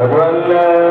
Well, uh...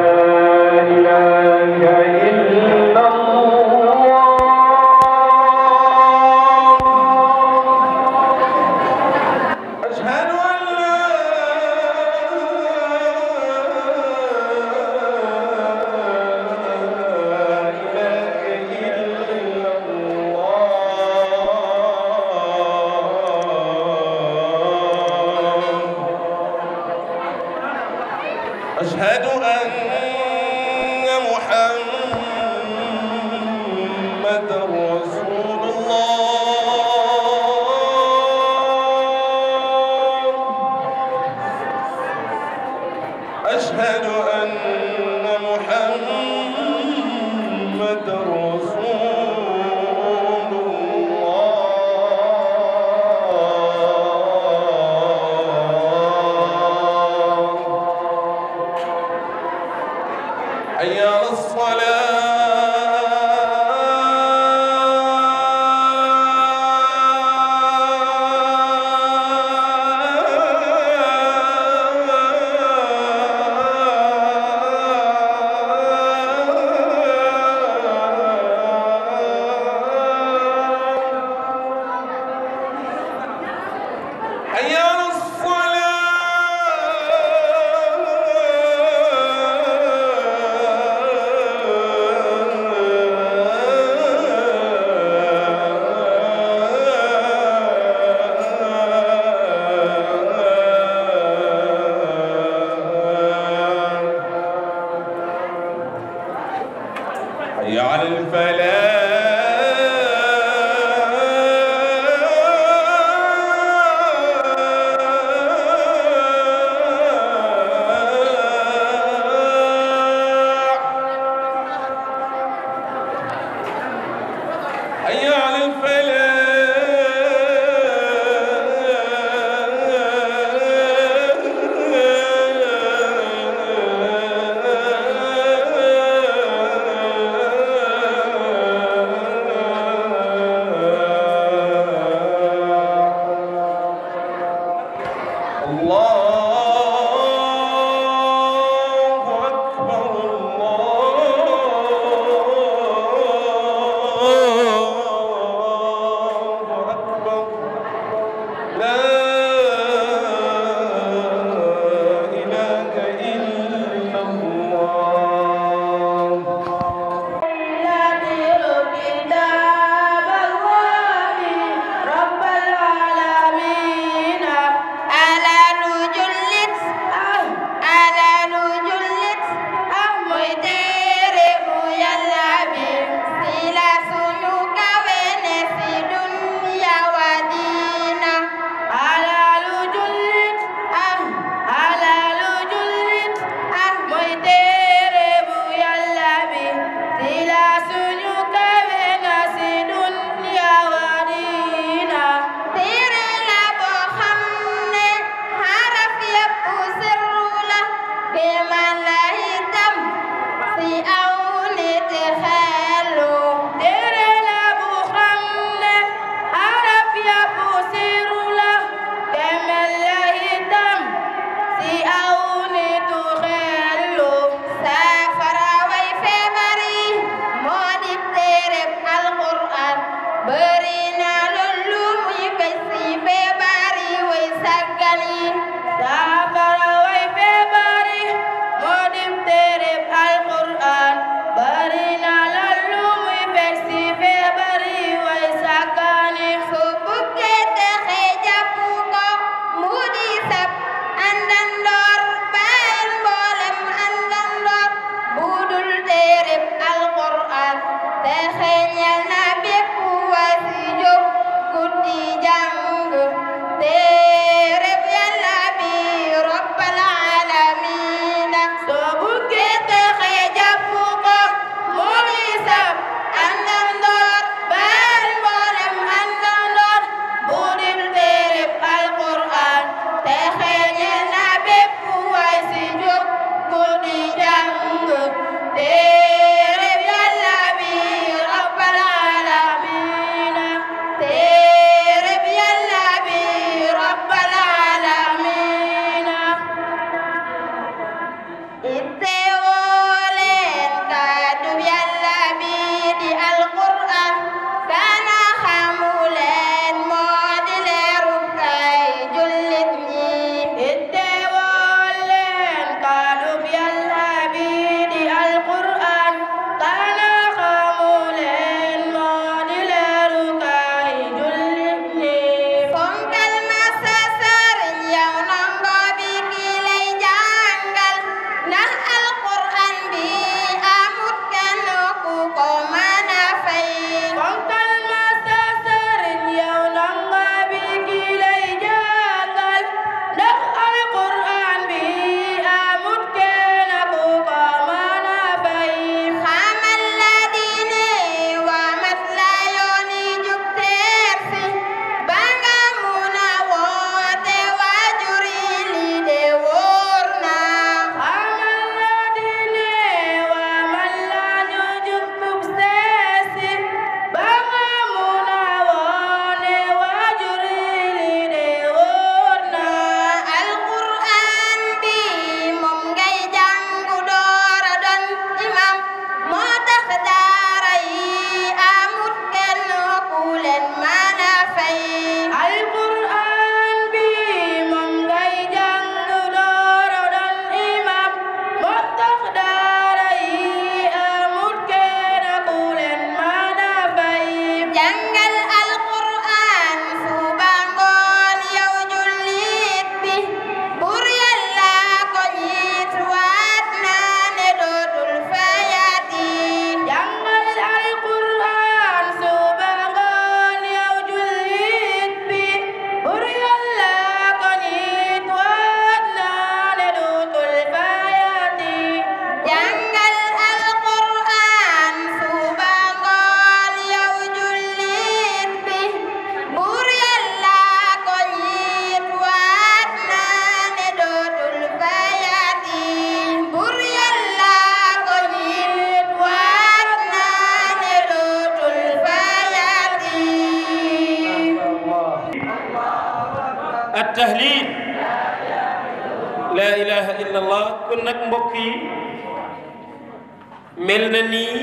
mel na nii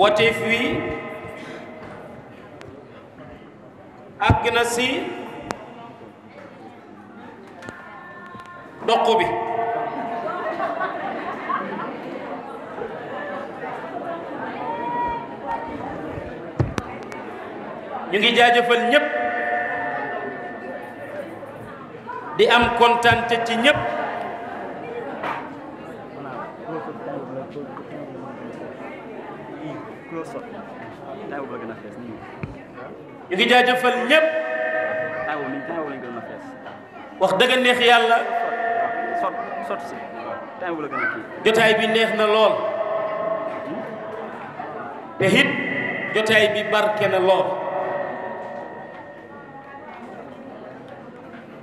wateef wi àgg na si doq bi ñu ngi jaajëfal ñépp di am kontaan ci ñépp taw bëgg na fees nii ñu ngi jaajëfal ñëpp taw mi taw lañ gën a fees wax dëgg neex yàlla sot sot si taw la gën a kii jotaay bi neex na lool te it jotaay bi barke na lool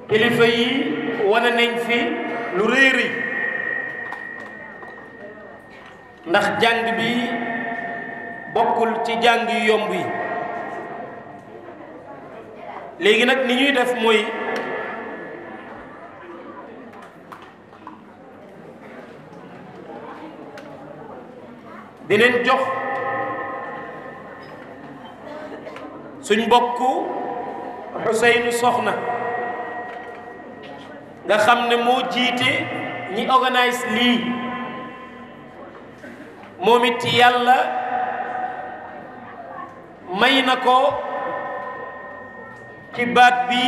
kilifa yi wane nañ fi lu rëy rëy ndax jàng bi bokkul ci jàng yu yomb yi léegi nag ni ñuy def mooy dinañ jox suñ bokk Xuseynu Soxna nga xam ne moo jiite ñi organise lii moom it yàlla may na ko ci baat bi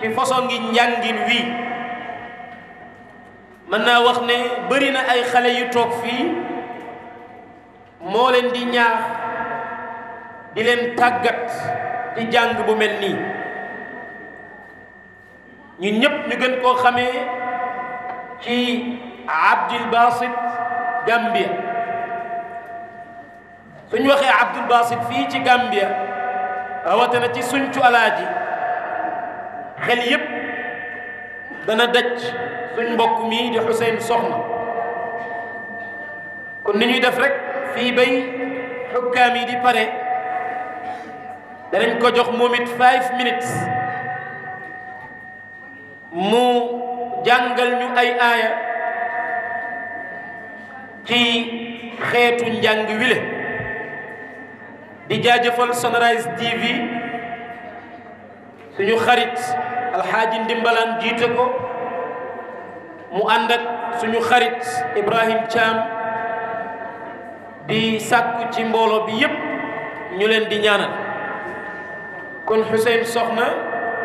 ci façon ngi njàngin wii mën naa wax ne bëri na ay xale yu toog fii moo leen di ñaax di leen tàggat di jàng bu mel nii ñun ñépp ñu gën koo xamee ci Abdul Basit Gambia bu ñu waxee Abdoul Basit fii ci Gambia rawatina ci suñcu alaaji xel yépp dana daj suñ mbokk mii di Xuseyn Soxna kon ni ñuy def rek fii bay xukkaam yi di pare danañ ko jox moom it five minutes mu jàngal ñu ay aaya ci xeetu njàng wile di jaajëfal Sunrise TV suñu xarit alxaaji ndimbalaan jiite ko mu ànd suñu xarit Ibrahim Thiam di sàkku ci mbooloo bi yépp ñu leen di ñaanal kon Hussein soxna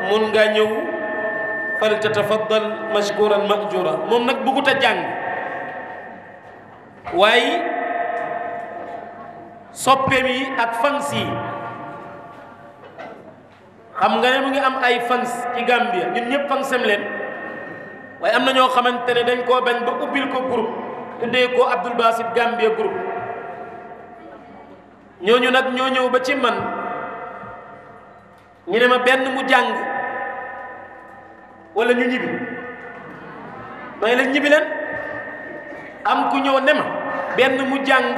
mun nga ñëw fal tatafaddal mashkuran majura moom nag bëggut jàng waaye soppeem yi ak fans xam nga ne mu ngi am ay fans ci Gambia ñun ñëpp fansam leen waaye am na ñoo xamante ne dañ koo bañ ba ubbil ko groupe tuddee ko Abdul Basit Gambia groupe ñooñu nag ñoo ñëw ba ci man ñu ne ma benn mu jàng wala ñu ñibbi may la ñibbi leen am ku ñëw ne ma benn mu jàng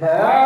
No.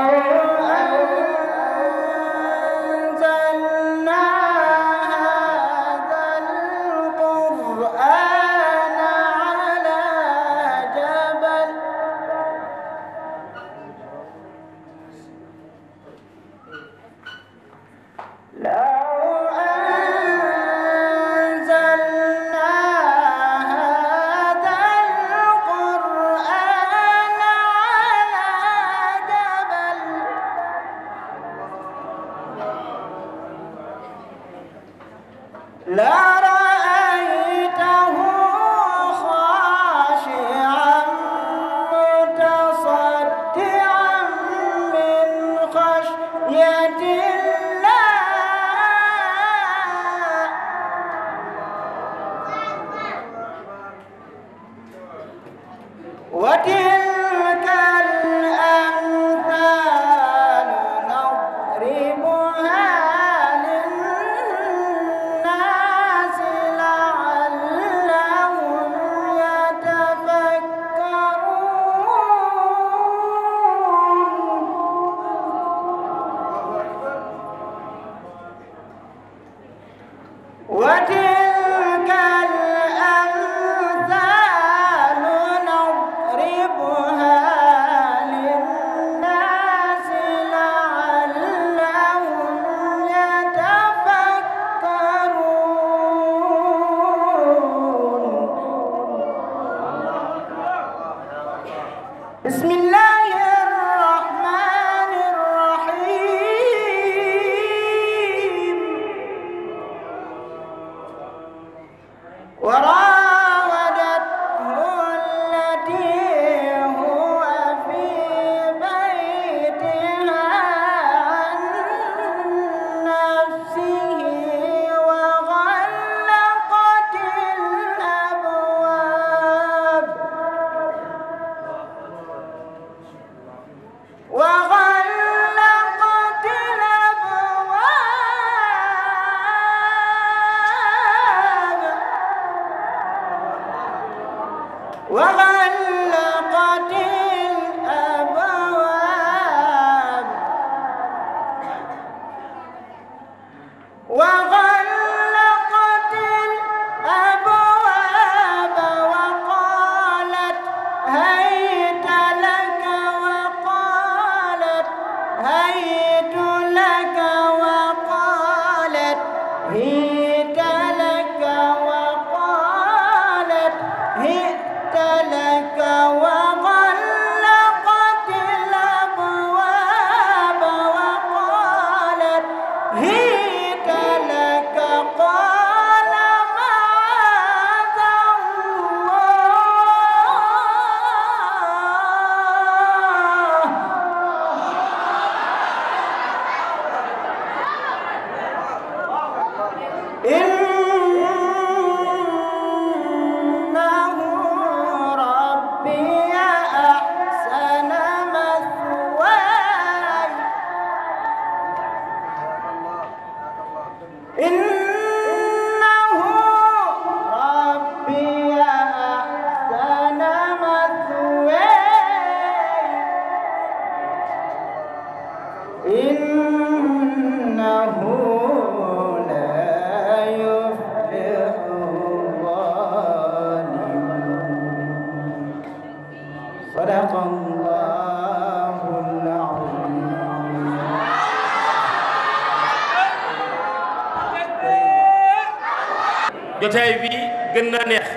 gën na neex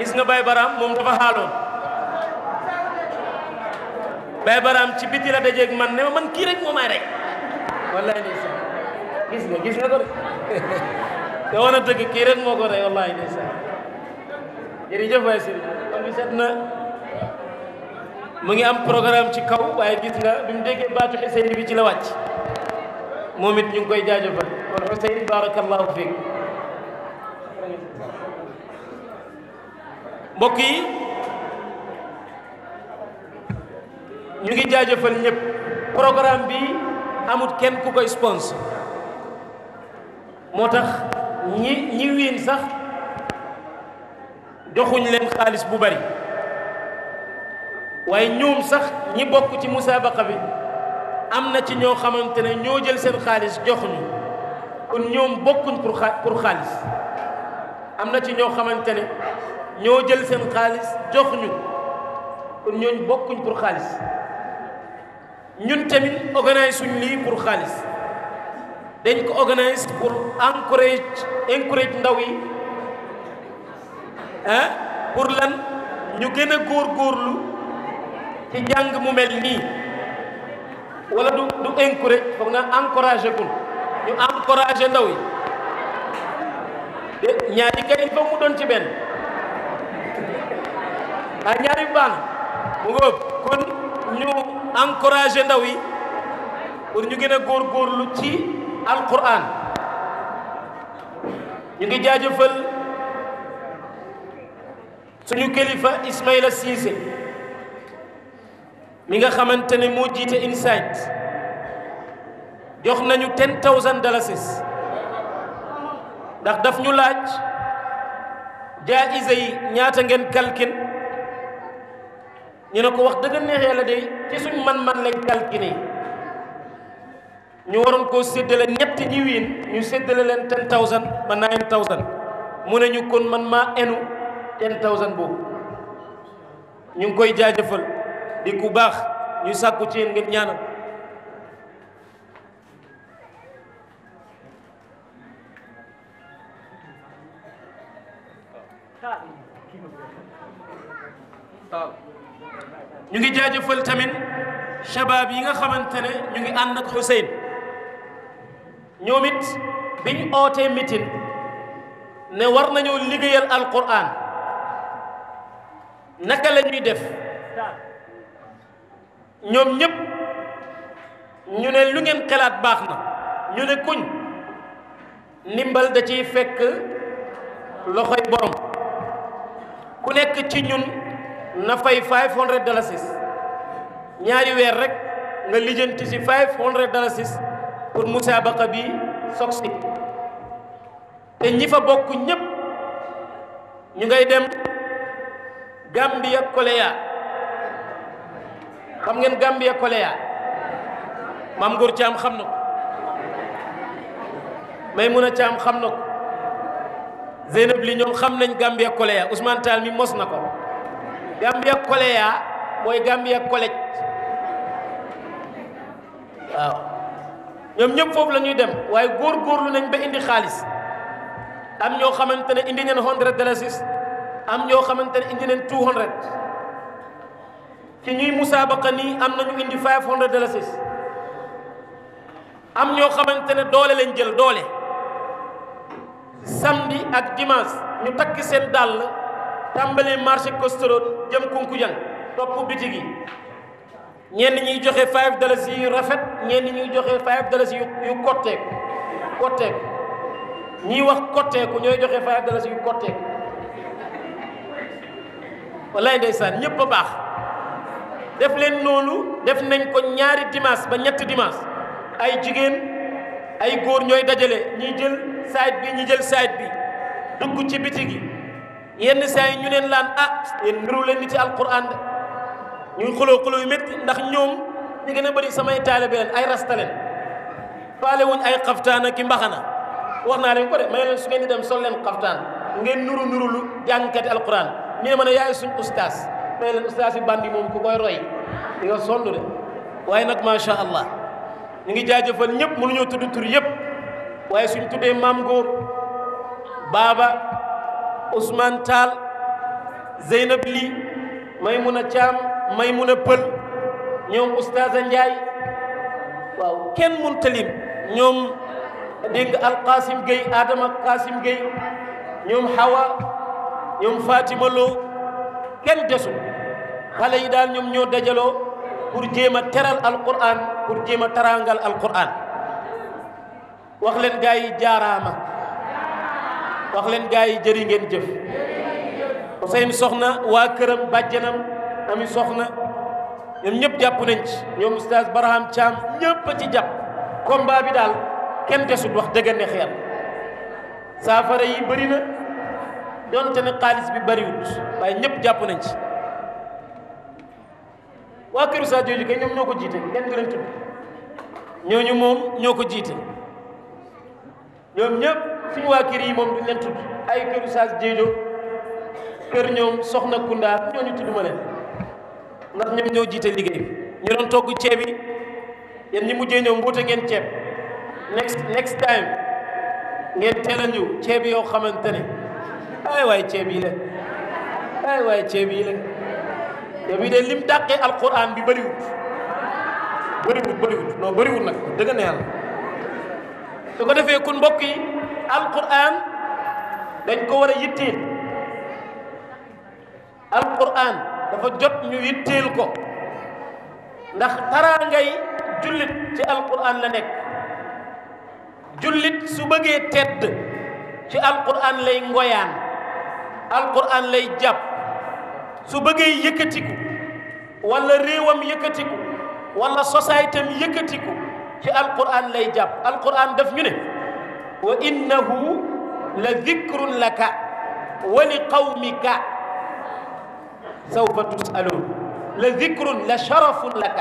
gis nga Baye baraam moom dafa xaaloon Baye Baram ci biti la dajeeg man ne ma man kii rek moo may rek wallaay ndeysaan gis nga gis nga ko te war a dëgg kii moo ko rey wallaay ndeysaan jërëjëf waay sëriñ kon bi mu ngi am programme ci kaw waaye gis nga bi mu déggee ci la wàcc moom it ñu ngi koy jaajëfal kon Xuseyni barakallahu fiik mbokk yi ñu ngi jaajëfal ñépp programme bi amut kenn ku koy sponsor moo tax ñi ñi wiin sax joxuñ leen xaalis bu bari waaye ñoom sax ñi bokk ci musaabaqa bi am na ci ñoo xamante ne ñoo jël seen xaalis joxuñu kon ñoom bokkuñ pour pour xaalis am na ci ñoo xamante ni ñoo jël seen xaalis jox ñu kon ñooñu bokkuñ pour xaalis ñun tamit organise suñ lii pour xaalis dañ ko organise pour encourage encourage ndaw yi ah pour lan ñu gën a góorgóorlu ci jàng mu mel nii wala du du encourage foog nga encouragé kun ñu encouragé ndaw yi de ñaari karim fa mu doon ci benn ah ñaari baax mu ngóob kon ñu encouragé ndaw yi pour ñu gën a góorgóorlu ci alquran ñu ngi jaajëfal suñu kilifa Ismaïla Cissé mi nga xamante ne moo jiite INSIDE jox nañu 10000 dalasis ndax daf ñu laaj jaayise yi ñaata ngeen kalkin ñu ne ko wax dëgg neexee la day ci suñ man-man lañ kalkine ñu waroon koo séddale ñetti ñi wiin ñu séddale leen ten thousand ba nine thousand mu ne ñu kon man maa enu ten thousand boobu ñu ngi koy jaajëfal di ku baax ñu sàkku ci yéen ngeen ñaanal ñu ngi jaajëfal tamit shabaab yi nga xamante ne ñu ngi ànd ak Hussein ñoom it biñ ootee mitin ne war nañoo liggéeyal alquran naka la ñuy def ñoom ñëpp ñu ne lu ngeen xalaat baax na ñu ne kuñ ndimbal da ciy fekk loxoy borom ku nekk ci ñun na fay 500 dalasis ñaari weer rek nga lijjanti ci 500 dalasis pour musaabaqa bi soxsi te ñi fa bokk ñépp ñu ngay dem Gambia Koleya xam ngeen Gambia Koleya maam Ngoor Caam xam na ko Maymuna Caam xam no ko Zeynab li ñoom xam nañ Gambia Koleya Ousmane mi mos na ko Gambia Koleya ah, mooy ak collège waaw ñoom ñëpp foofu la ñuy dem waaye góor góorgóorlu nañ ba indi xaalis am ñoo xamante ne indi neen hundred dalasi am ñoo xamante ne indi neen two hundred ci ñuy musaabaqa ni am nañu indi five hundred dalasi am ñoo xamante ne doole lañ jël doole samedi ak dimanche ñu takk seen dàll tàmbalee marché Costorone jëm Kunkujan topp bitig yi ñenn ñuy joxe five dalasi yu rafet ñenn ñuy joxe five dalasi yu yu kotteeku kotteeku ñiy wax kotteeku ñooy joxe five dalasi yu kotteeku wallaay ndeysaan ñëpp a baax def leen noonu def nañ ko ñaari dimanche ba ñetti dimanche ay jigéen ay góor ñooy dajale ñi jël saayit bi ñi jël saayit bi dugg ci bitig yi yenn saa yi ñu leen laan ah yéen mbiru leen ni ci alquran de ñu xuloo xuloo yu métti ndax ñoom ñi gën a bëri samay taalibe leen ay rasta leen faale wuñ ay xaftaana ki mbaxana wax naa leen ko de may leen su ngeen di dem sol leen xaftaan ngeen nuru nuru lu jàngkati alquran ñu ne ma ne yaay suñ ustaas may leen ustaas bandi moom ko koy roy di nga sonn de waaye nag macha allah ñu ngi jaajëfal ñëpp mënuñoo tudd tur yëpp waaye suñ tuddee maam góor Ousmane Tall Zeynab Ly Maymuna Thiam Maymuna Pël ñoom Oustaza Ndiaye waaw kenn mun ñoom dégg nga Alqasim Gueye Adama Qasim Gueye ñoom Hawa ñoom Fatima kenn desul xale ñoom ñoo dajaloo pour jéem a teral Alqur'an pour jéem a tarangal Alqur'an wax leen jaaraama. wax leen gars yi jëri ngeen jëf Ousseynou soxna waa këram bàjjanam ami soxna ñoom ñëpp jàppu nañ ci ñoom oustaz Barham Thiam ñëpp a ci jàpp baa bi daal kenn desut wax dëgg neex yàlla saafara yi bëri na donte ne xaalis bi bariwul waaye ñëpp jàpp nañ ci waa këru saa jooju kay ñoom ñoo ko jiite kenn ko jiite ñoom ñëpp suñu waa kër yi moom duñ leen tudd ay këru saas jéejo kër ñoom soxna kundaa ñooñu tudd ma leen ndax ñoo jiite liggéey ñu doon togg ceeb yi yéen mu mujjee ñëw mbóote ngeen ceeb next next time ngeen teel a ceeb yoo xamante ne ay waay ceeb yi la ay waay ceeb yi la ceeb yi de lim dàqee alquran bi bëriwut bëriwut bëriwut non bëriwut nag dëgg na yàlla su ko defee kun mbokk yi alquran dañ ko war a yitteel alquran dafa jot ñu yitteel ko ndax taraangay jullit ci alquran la nekk jullit su bëggee tedd ci alquran lay ngoyaan alquran lay jàpp su bëggee yëkkatiku wala réewam yëkkatiku wala société am yëkkatiku ci alquran lay jàpp alquran def ñu ne وإنه لذكر لك ولقومك سوف تسألون لذكر لشرف لك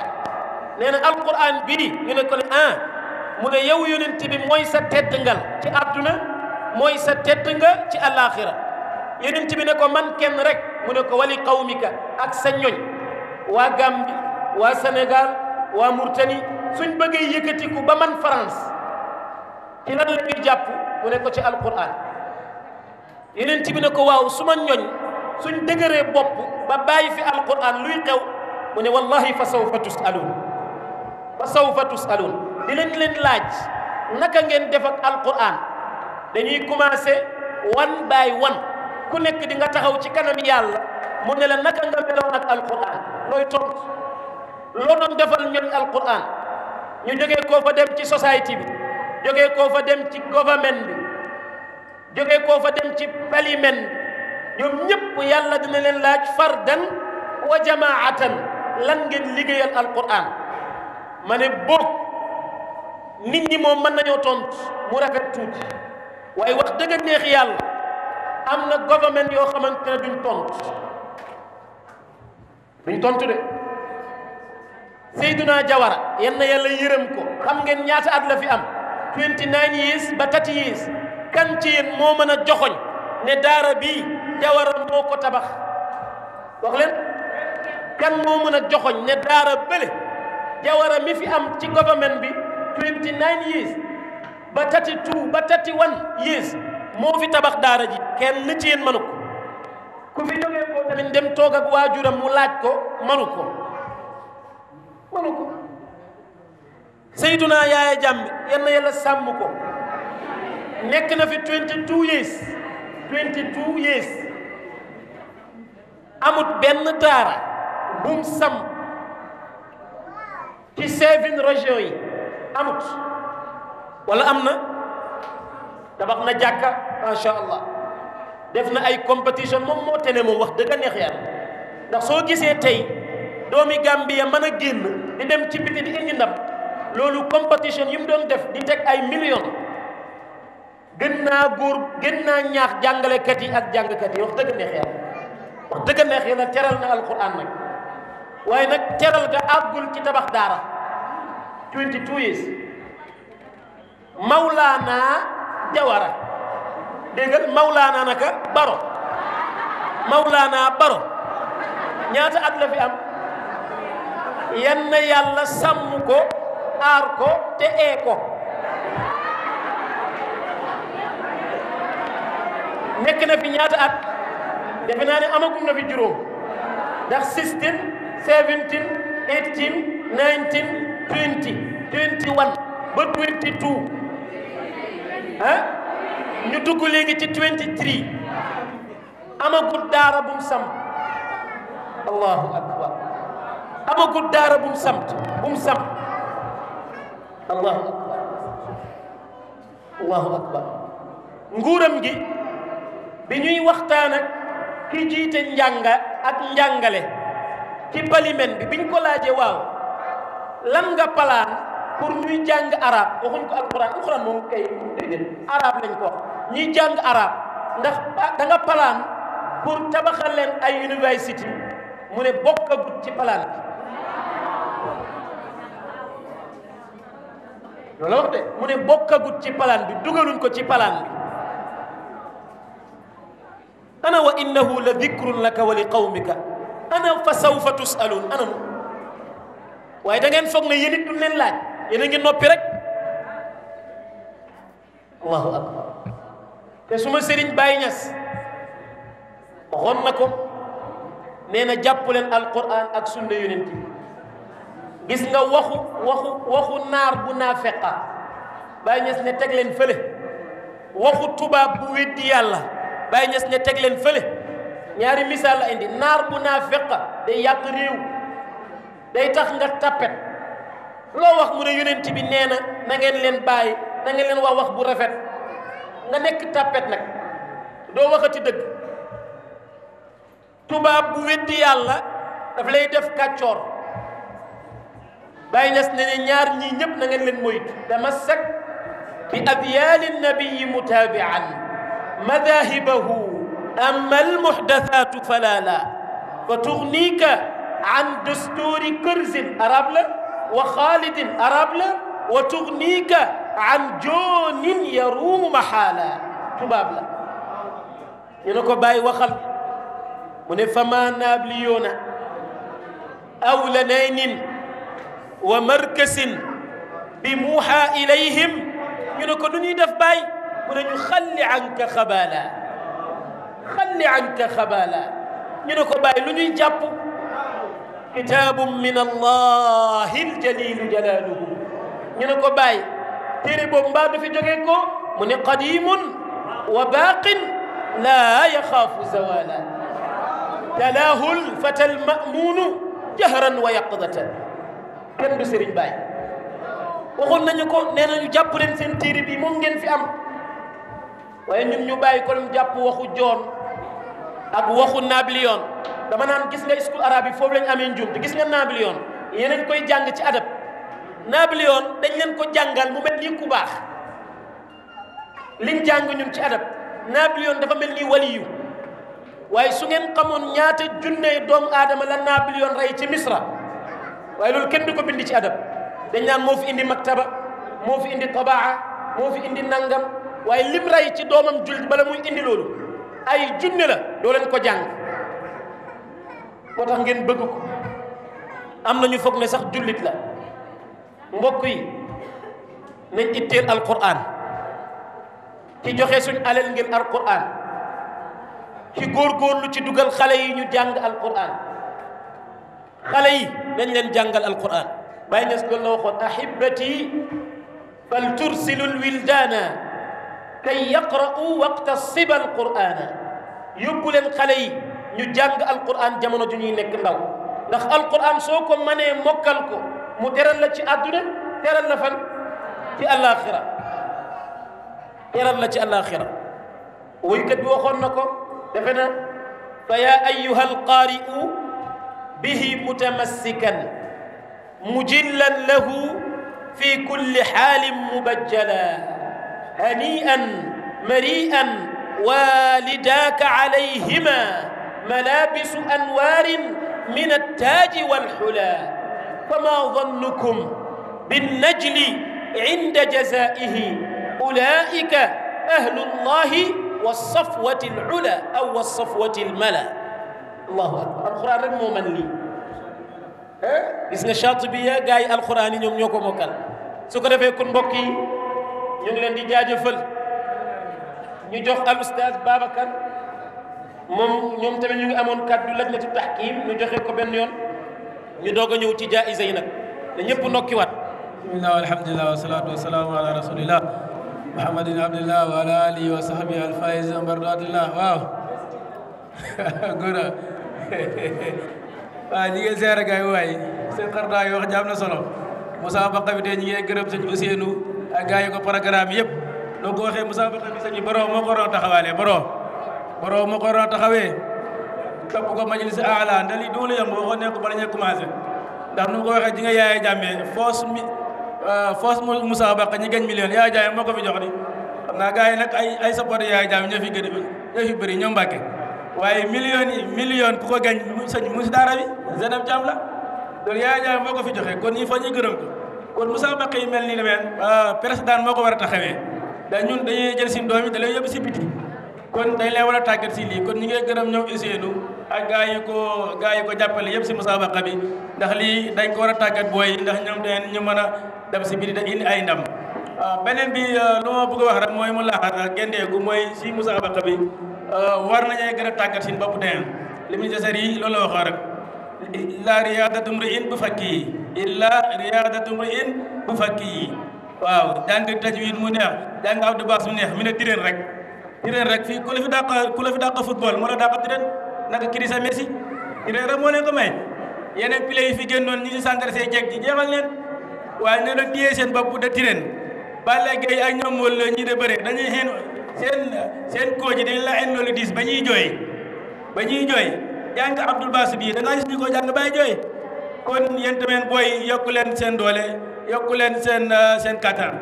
لأن القرآن بي من القرآن آه. من يو ينتبه موسى تتنغل تي أبدنا موسى تتنغل تي الآخرة ينتبه نكو من كن رك من يكو ولي قومك أكسنيون وغامبي وسنغال وموريتاني سن بغي يكتيكو بمن فرنسا ci lan la ñuy jàpp mu ne ko ci alquran yeneen bi ne ko waaw su ma ñoñ suñ dëgëree bopp ba bàyyi fi alquran luy xew mu ne wallahi fa sawfa tusaluun fa sawfa tusaluun di leen di leen laaj naka ngeen def ak alquran dañuy commencé one by one ku nekk di nga taxaw ci kanam yàlla mu ne la naka nga meloon ak alquran looy tontu loo doon defal ñoñ alquran ñu jógee koo fa dem ci société bi joge ko fa dem ci gouvernement bi joge ko fa dem ci parlement bi ñoom ñëpp yàlla dina len laaj fardan wa jamaatan lan ngeen liggéeyal alquran mané bok nit ñi moom man nañu tont mu rafet tuuti way wax dëgg neex yàlla amna na gouvernement yoo xamante duñ tont duñ tont de سيدنا جوار yenn yàlla yërëm ko xam ngeen ñaata at la fi am 29 years ba 30 years kan ci yéen moo mën a joxoñ ne daara bii jawaram moo ko tabax wax leen kan moo mën a joxoñ ne daara bële jawara mi fi am ci government bi 29 years ba 32 ba 31 years moo fi tabax daara ji kenn ci yéen mënu ko ku fi jógee ko tamit dem toog ak waajuram mu laaj ko mënu ko Seydunaa Yaaya Jàmme yal na yàlla sàmm ko nekk na fi 22 years 22 amut benn daara bum sam ci seven région yi amut wala am na tabax na jàkka macha allah def na ay compétition moom moo tene moom wax dëgg a neex yàlla ndax soo gisee tey doomi Gambia mën a génn di dem ci biti di indi ndam loolu compétition yi mu doon def di teg ay million gën naa góor gën naa ñaax jàngalekat yi ak jàngkat yi wax dëgg neex yàlla wax dëgg neex yàlla teral na alquran nag waaye nag teral ga àggul ci tabax daara 22 years Maulana Jawara déggal Maulana naka Baro Maulana Baro ñaata at la fi am yenn yàlla sàmm ko. aar ko te ee nekk na fi ñaata at defe naa ne amagum na fi juróom ndax 16 17 18 19 20 21 ba 22 ah ñu dugg léegi ci 23 amagul daara bum samp allahu akbar amagul daara bum samp bum samp allahu akbar nguuram gi bi ñuy waxtaan ak ki jiite njànga ak njàngale ci palimen bi biñ ko waaw lan nga palaan pour ñuy jàng arab waxuñ ko alquran moom kay déedéet arab lañ ko ñuy jàng arab ndax da palaan pour tabaxal leen ay université mu ne bokkagut ci palaan loolu la wax mu ne bokkagut ci palaan bi dugaluñ ko ci palaan bi ana wa innahu la dikrun laka wa li qawmika ana fa sawfa tusaluun ana mu waaye da ngeen foog ne yéen it leen laaj yéen a noppi rek allahu akbar te suma ma sëriñ Baye Ñas waxoon na ko nee na jàpp leen alquran ak sunna yonent yi gis nga waxu waxu waxu naar bu naa feqa Baye Niass ne teg leen fële waxu tubaab bu weddi yàlla Baye Niass ne teg leen fële ñaari misaal la indi naar bu naa feqa day yàq réew day tax nga tappet loo wax mu ne yonent bi nee na na leen bàyyi na leen wax wax bu rafet nga nekk tappet nag doo waxati dëgg tubaab bu weddi yàlla daf lay def kàccoor بينس نينيار ني نيب نغن لن تمسك بأبيال النبي متابعا مذاهبه أما المحدثات فلا لا وتغنيك عن دستور كرز أرابل وخالد أرابل وتغنيك عن جون يروم محالا تبابلا ينكو باي وخل من فما نابليونا أو لنين ومركز بموحى إليهم ينكونوني دف باي ونجو خلي عنك خبالا خلي عنك خبالا ينكو باي لنجو جاب كتاب من الله الجليل جلاله ينكو باي تيري بومباب في جوكيكو من قديم وباق لا يخاف زوالا تلاه الفتى المأمون جهرا ويقظة kenn du Serigne Baye waxoon nañu ko nee nañu jàpp leen seen téere bi moom ngeen fi am waaye ñun ñu bàyyi ko jàpp waxu joon ak waxu nablion dama naan gis nga school arabe yi foofu lañ amee njuum te gis nga nablion yéen a ngi koy jàng ci adab nablion dañ leen ko jàngal mu mel ni ku baax liñ jàng ñun ci adab nablion dafa mel ni waliyu waaye su ngeen xamoon ñaata junne doomu aadama la nablion rey ci misra waaye loolu kenn du ko bind ci adab dañ naan moo fi indi maktaba moo fi indi tabaa moo fi indi nangam waaye lim ray ci doomam jullit bala muy indi loolu ay junne la doo leen ko jàng moo tax ngeen bëgg ko am na ñu foog ne sax jullit la mbokk yi nañ itteel alquran ki joxe suñ alal ngeen alquran ki góor góorgóorlu ci dugal xale yi ñu jàng alquran خالي نجلن جنغل القرآن بينس الله خد أحبتي فلترسل الولدان كي يقرأوا وقت الصبا القرآن يقولن خالي نجنغ القرآن جمونو جنين نكنداو نخ القرآن سوكم مني مكالكو مترن لكي أدنى ترن لفن في الآخرة ترن لكي الآخرة ويكدو أخونكو دفنا فيا أيها القارئ به متمسكا مجلا له في كل حال مبجلا هنيئا مريئا والداك عليهما ملابس انوار من التاج والحلى فما ظنكم بالنجل عند جزائه اولئك اهل الله والصفوه العلى او الصفوه الملا الله أكبر القرآن رك مؤمن لي إيه؟ إذن الشاطبية جاي القرآن يوم يوكو مكال سكرة في كن بكي يوم لين دي جاي فل نجوك الأستاذ بابا كان مم يوم تمن يوم أمون كاتب لك نتو تحكيم نجوك كوبين يوم نجوك نيو تيجا إزينك نجيب نوكي وات بسم الله والحمد لله والصلاة والسلام على رسول الله محمد بن عبد الله وعلى آله وصحبه الفائز برضو الله واو waaw ñi ngi seere gaay waay seen xartaa yi wax ji am na solo musaabaqa bi tey ñi ngi gërëm sëñ Ousseynou ak gaay yi ko programme yëpp donc ko waxee musaabaqa bi sëñ Baro moo ko waroon taxawaalee Baro Baro moo ko waroon taxawee topp ko majlis aala nda li ne ko bala ñu commencé ndax nu ko ji nga yaayee jàmmee force mi euh, force musaabaqa ñi gañ million yaay jaay moo ko fi jox di xam naa gaay yi nag ay ay support yaay ñoo fi gën a ñoo fi bëri ñoo mbàkke waaye million yi millions ku ko gañ mu sëñ mu si daara bi Zeynab la loolu yaay jaay moo ko fi joxe kon il faut ñu gërëm ko kon musaabaqa yi mel nii la mel euh, président moo ko war a taxawee da ñun dañuy jël sin doom yi da lay yóbbu kon dañ leen war a tàggat si lii kon ñu ngi gërëm ñoom Ousseynou ak gaa yi ko gaa yi ko jàppale yëpp si musaabaqa bi ndax lii dañ ko war a tàggat booy ndax ñoom dañ mën a dem si biti da indi ay ndam euh, beneen bi euh, lu ma bëgg a wax rek mooy mu laaxar gendeeku mooy si musaabaqa bi Euh, war nañu gën a tàggat seen bopp deen li mu jasar yi loolu la waxoon rek illa riyaadatu mri'in bu fakki yi illa riyaadatu mri'in bu fakki yi waaw jàng tajwid mu neex jàng abdu baas mu neex mi ne tireen rek tireen rek fii ku la fi dàq ku la fi dàq football moo la dàq tireen naka Krista Messi tireen rek moo leen ko may yeneen pile fi génnoon ñi ñu s'intéressé jeeg ji jeexal leen waaye ne la téye seen bopp de tireen Balla Gaye ak ñoom wala ñi de seen seen koo ji dañ la en loolu diis ba ñuy jooy ba ñuy jooy jàng Abdul Baas bii da ngaa gis ñu ko jàng jooy kon yéen tamit booy yokku leen seen doole yokku leen seen euh, seen kattan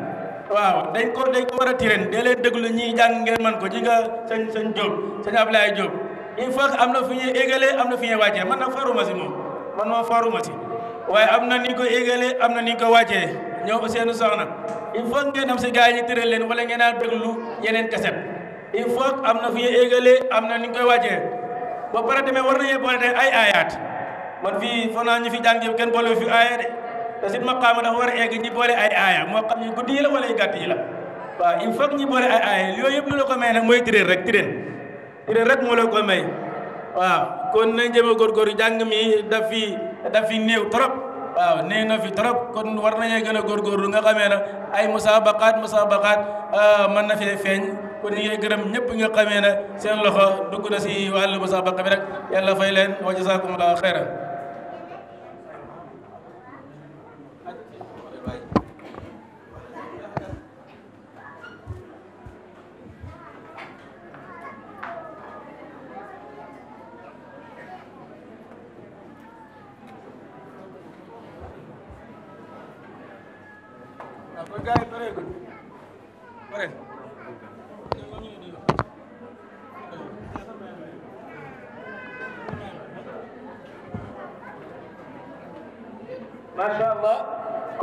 waaw day ko dañ ko war a tiren dee leen déglu jàng ngeen man ko ji nga sëñ sëñ Diop sëñ Ablaye Diop il faut que am na fu ñuy égalee am na fu ñuy wàccee man nag faruma si moom man moom faruma si waaye am na ni koy égalee am na ni ko wàccee ñoo ko seen soxna il faut ngeen am si gars yi tëral leen wala ngeen a déglu yeneen kaset il faut am na fu ñuy égalee am na ni ñu koy wàccee ba pare demee war nañu boole tey ay ayaat man fii foog naa ñu fi jàng yëpp kenn boole fi aaya de te sit maqaama dafa war a egg ñi boole ay aaya moo xam ñu guddi yi la wala yu gàtt yi la waaw il faut ñi boole ay aaya yooyu yëpp lu la ko may nag mooy tëral rek tëral tëral rek moo la ko may waaw kon nañ jëm a mi daf fi daf fi waaw nee na fi trop kon war nañoo gën a góor góorgóorlu nga xamee na ay musaabaqaat musaabaqaat ah, mën na fee feeñ kon ñu ngi gërëm ñëpp nga xamee ne seen loxo dugg na si wàllu musaabaqa bi rek yàlla fay leen wa jasaakumullahu xayran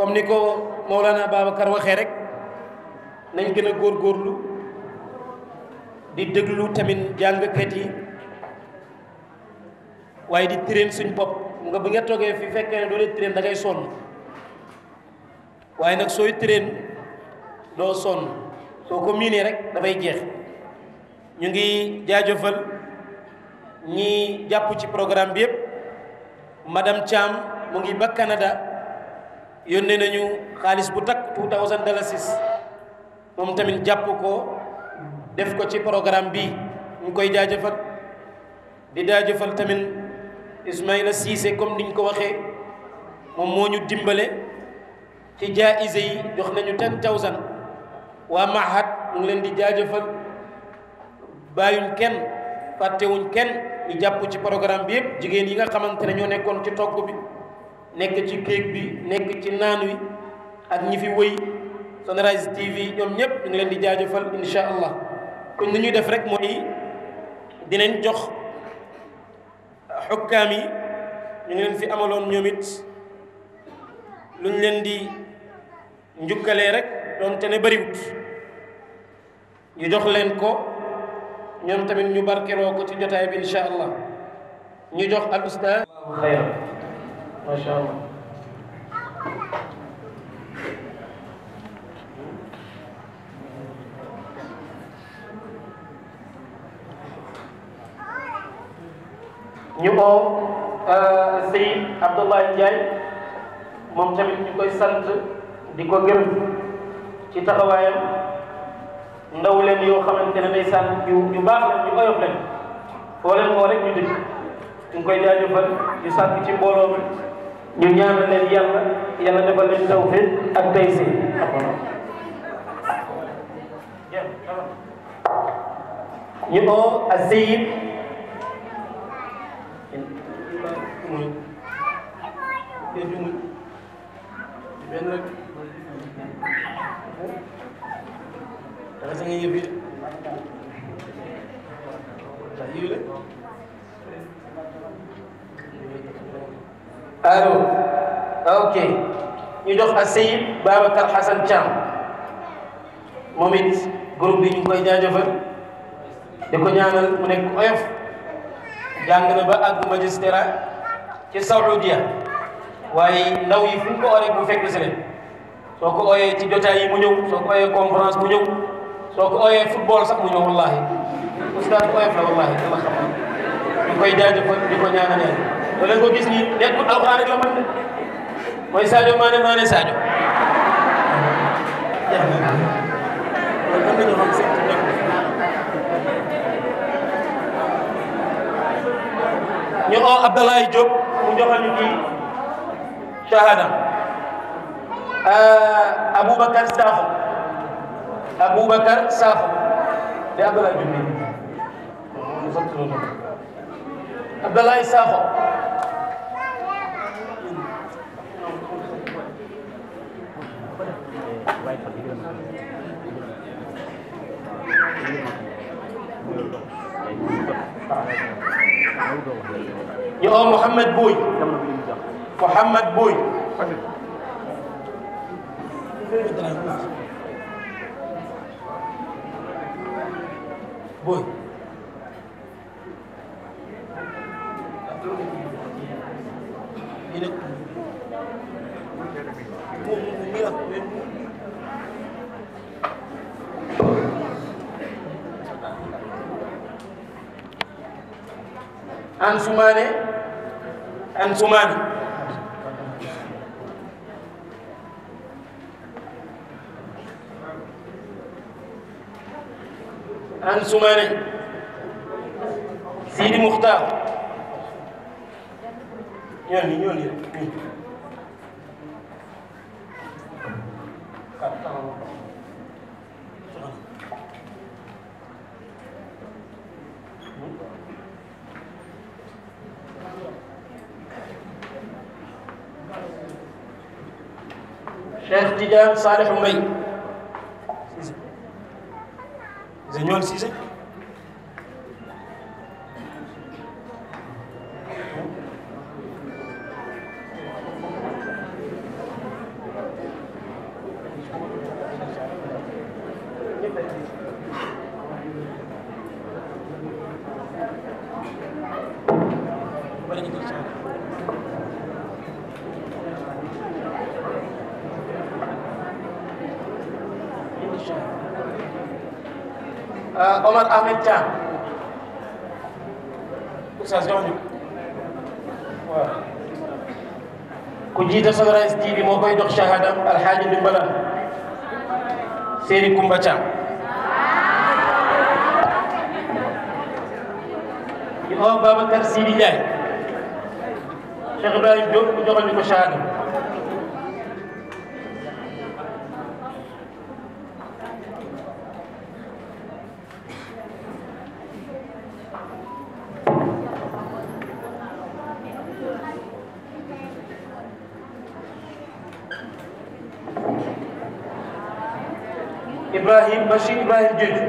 comme ni ko Mawlana Babacar waxee rek nañ gën a góorgóorlu di déglu tamit jàngkat yi waaye di train suñ bopp nga bu nga toogee fi fekkee ne doo dee train da ngay sonn waaye nag sooy train doo sonn soo ko miinee rek dafay jeex ñu ngi jaajëfal ñi jàpp ci programme bi yëpp madame Thiam mu ngi ba Canada yónnee nañu xaalis bu takk two thousand dalasis moom tamit jàpp ko def ko ci programme bi ñu koy jaajëfal di jaajëfal tamit Ismaïla Cissé comme ni ñu ko waxee moom moo ñu dimbale ci jaayise yi jox nañu ten thousand waa Mahad mu ngi leen di jaajëfal bàyyuñ kenn fàttewuñ kenn ñu jàpp ci programme bi yëpp jigéen yi nga xamante ne ñoo nekkoon ci togg bi nekk ci kéeg bi nekk ci naan wi ak ñi fi wëy Sunrise TV ñoom ñëpp ñu ngi leen di jaajëfal insha allah kon ni ñuy def rek mooy dinañ jox xukkaam yi ñu ngi leen fi amaloon ñoom it luñ leen di njukkalee rek doonte ne bëriwut ñu jox leen ko ñoom tamit ñu barkeloo ko ci jotaay bi insha allah ñu jox al ustaz xayran macha allah. ñu oo euh, Seyid Abdoulaye Ndiaye moom tamit ñu koy sant di ko gëm ci taxawaayam ndaw leen yoo xamante ne ndeysaan yu yu baax la ñu oyof leen foo leen woo rek ñu dëkk ñu koy jaajëfal ñu sàkk ci mbooloo mi ñu ñaanal leen yàlla yàlla defal leen tawfiq ak taysiir ñu oo asayid allo ok ñu jox ak Seyid Babacar Hassan Thiam moom it groupe bi ñu koy jaajëfal di ko ñaanal mu nekk oyof jàng na ba àgg magistrat ci Saoudia waaye ndaw yi fu mu ko oree fekk si leen soo ko ooyee ci jotaay yi mu ñëw soo ko ooyee conférence mu ñëw soo ko ooyee football sax mu ñëw wallahi oustaz oyof la wallahi dama xam ñu koy jaajëfal di ko ñaanal da leen ko gis nii nekkul alxuraan rek la mën de mooy Sadio Mané Mané Sadio. ñu oo Abdoulaye Diop mu joxal ñu kii shahada euh, Aboubacar Sakho Aboubacar Sakho te Abdoulaye Diop bi Abdoulaye Sakho يا محمد بوي محمد بوي بوي أنسماني أنسماني أنسماني سيدي مختار يوني يوني Cheikh Tidiane Salihou Mbaye Siise ñoon Siise Euh, Omar Ahmed Thiam oustaz jox ñu waaw ku jiite Sunrise TV moo koy jox shahadam alxaaji Dimbala Seri Kumba Thiam ñu oo Babacar Sidi Ndiaye Cheikh ba si Ibrahima Diédhiou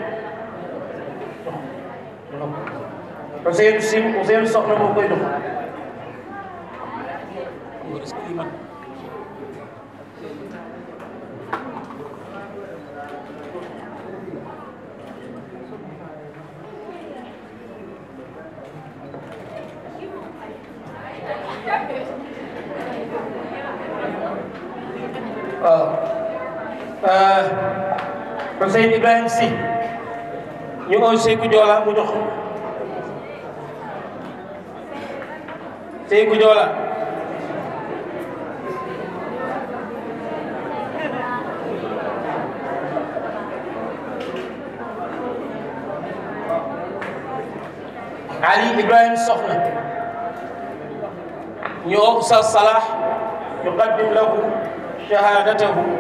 Ousseynou si Ousseynou soxna moo koy dox mooy Seyku Joola mu jox Seyku Joola Ali Ibrahim Soxna ñoo Oustaz Salah yuqaddim lahu shahadatahu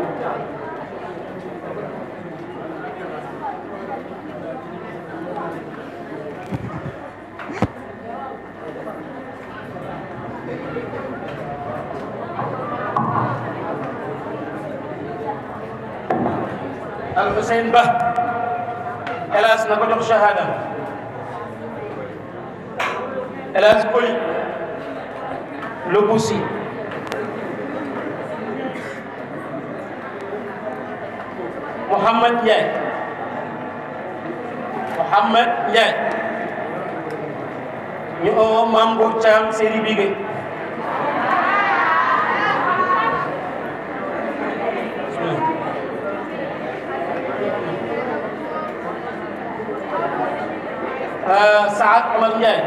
shahada El Hadj Poli le Boussi Mouhamed Ndiaye Mouhamed Ndiaye ñu oo Mambour saat amaliyah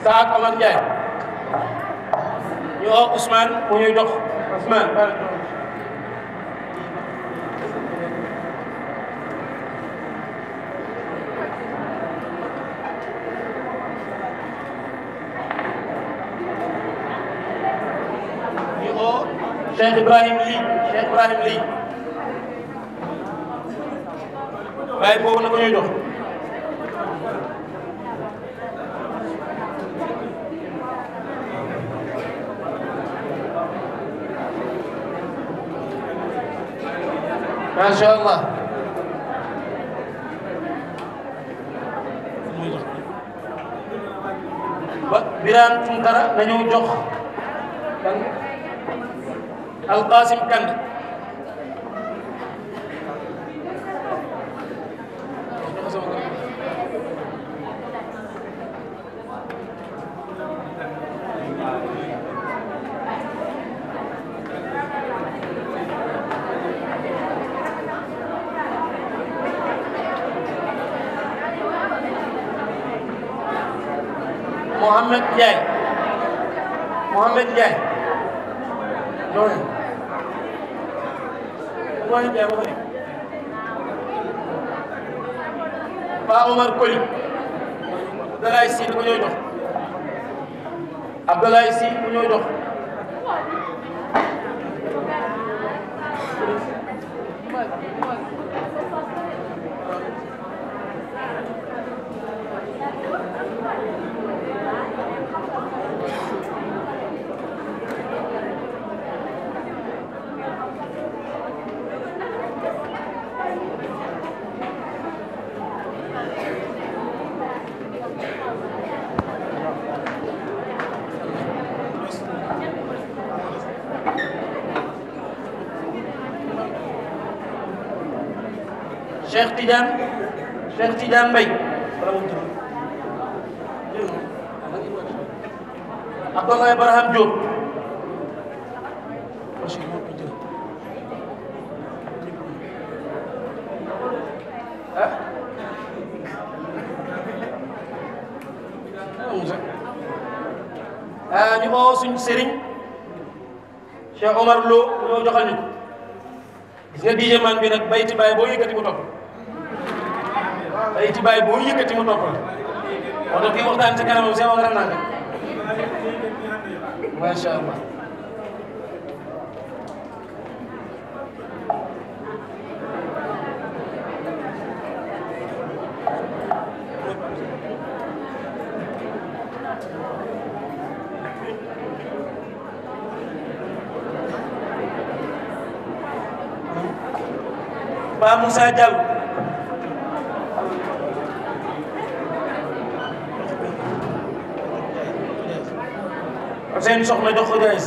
saat amaliyah yo Usman punya dok, Usman. Cheikh Ibrahim Ly Cheikh Ibrahim ñuy القاسم كان Cheikh Tidiane Cheikh Tidiane Mbaye Abdoulaye Barham Diop ah eh, ñu oo suñu sëriñ Cheikh Omar Lo ñoo joxal ñu ko gis nga dijemaan bi nag bayti baay boo yëkkati mu topp day ci bàyyi boo yëkkati mu topp la moo tax kii waxtaan ci kanamam seen Ba Moussa Diallo. seen soxla jox ko jaayis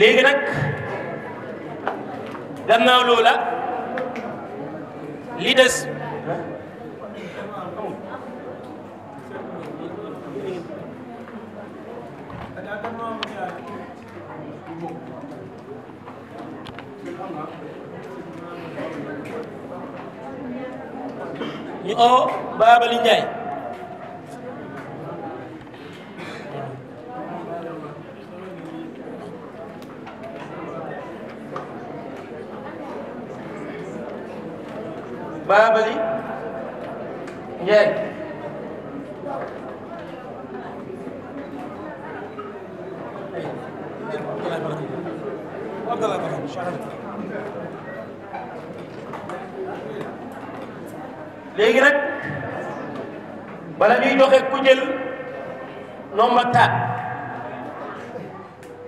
léegi nag gannaaw loola Babali Nggih عبد الله بن léegi nag bala ñuy joxe ku jël nombre taat